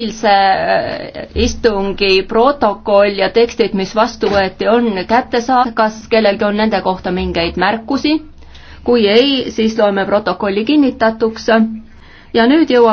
eilse äh, istungi protokoll ja tekstid, mis vastu võeti, on kättesaadav, kas kellelgi on nende kohta mingeid märkusi? kui ei, siis loeme protokolli kinnitatuks ja nüüd jõuame